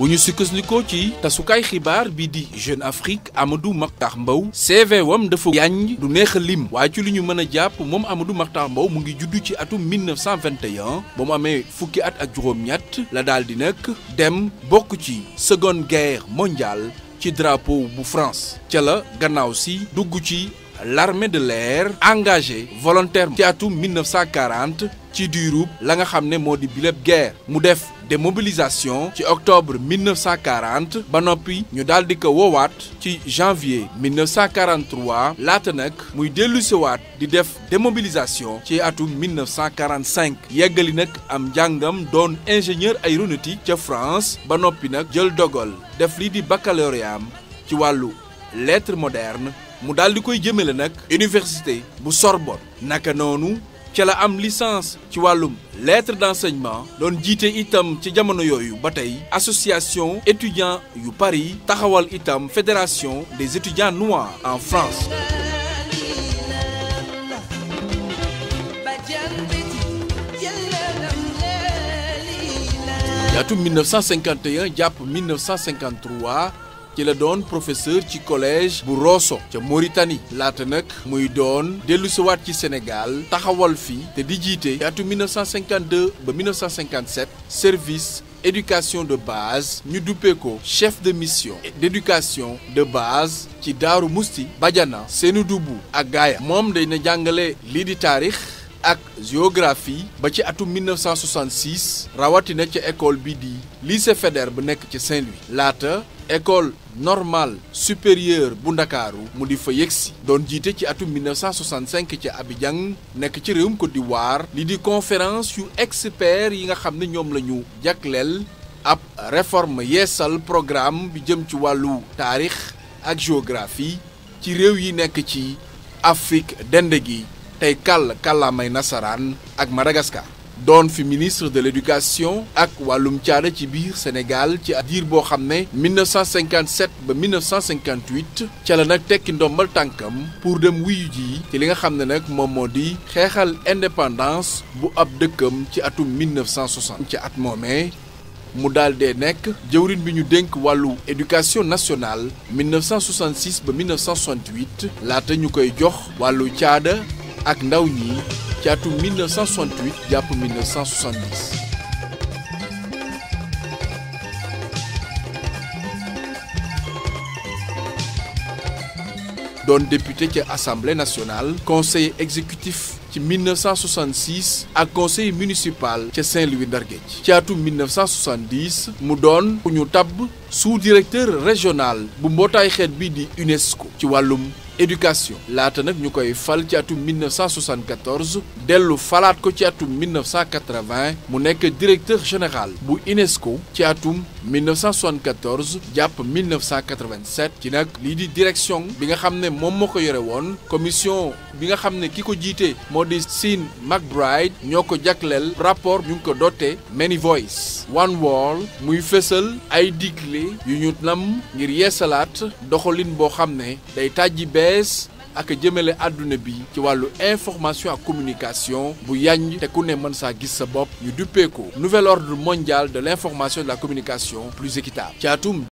bu ñu sukkandikoo ci tasukaay xibaar bi di Jeune Afrique Amadou Makhtar Mbow CV wam dafa yàññ du neex lim li Amadou Makhtar 1921 fukki at ak la dem bokk ci seconde guerre mondiale ci drapeau bu France ca la gannaaw si l'armée de l'air engagée volontairement ci tout 1940 ci diirub la nga xamné modi bileb guerre mu def démobilisation ci octobre 1940 ba nopi ñu daldi ko ci janvier 1943 laata nag muy dellusiwaat di def démobilisation ci atum 1945 yeggali nak am jangam ingénieur aéronautique ci France ba nopi nak jël dogal def li di baccalauréat ci walu lettres modernes mu du di koy nak université bu Sorbonne naka nonu ci la am licence ci walum lettre d'enseignement don jiite itam ci jamono yoyu batay association étudiants yu Paris taxawal itam fédération des étudiants noirs en France. yaatum 1951 jàpp 1953 qui la donne professeur du collège bu Rosso ca Mauritanie laata nag muy doon dellusiwaat ci Sénégal taxawal fi te di jiite 1952 ba 1957 service éducation de base ñu duppee ko chef de mission d'éducation de base ci Daaru Musti Bajana Sénoudoubou ak Gaaya moom day na jàngale lii di taarix ak géographie ba ci atum 1966 rawatina ca école bi di lycée fédéral bu nekk ci Saint-Louis laata école normale supérieure bu ndakaaru mu di fa yegsi doon jiite ci atum 1965 ci Abidjan nekk ci réewum Côte d'Ivoire li di conférence yu experts yi nga xam ne ñoom la ñu jagleel ab réforme yeesal programme bi jëm ci wàllu taarix ak géographie ci réew yi nekk ci Afrique dende gi tey kàll kàllaamay nasaraan ak Madagascar Don fi ministre de l'éducation ak walum tiare ci biir Sénégal ci diir boo xam ne 1957 ba 1958 ca la nag tekki ndombal tànkam pour dem wuyu ji ci li nga xam ne nag moom moo di xeexal indépendance bu ab dëkkam ci atum 1960 ci at moomee mu daal dee nekk jëwrin bi ñu dénk wàllu éducation nationale 1966 ba 1968 laata ñu koy jox wàllu caada ak ndaw ñi qui a tout 1968 jàpp 1970. Donne député est assemblée nationale conseiller exécutif qui 1966 à conseil municipal que Saint-Louis Qui a tout 1970 mu donne sous-directeur régional bu l'Unesco de bi UNESCO éducation laata nag ñu koy fal ci atum 1974 dellu falaat ko ci atum 1980 mu nekk directeur général bu UNESCO ci atum 1974 jàpp 1987 ci nag di direction bi nga xam ne moom commission bi nga xam ne ki McBride ñoo ko rapport ñu ko dote Many Voice One wall, muy fésal ay digle yu ñu nam ngir yeesalaat day bees ak jëmale aduna bi ci walu information la communication bu yagn te ku ne mën gis sa bop ñu duppé ko nouvel ordre mondial de l'information et de la communication plus équitable ci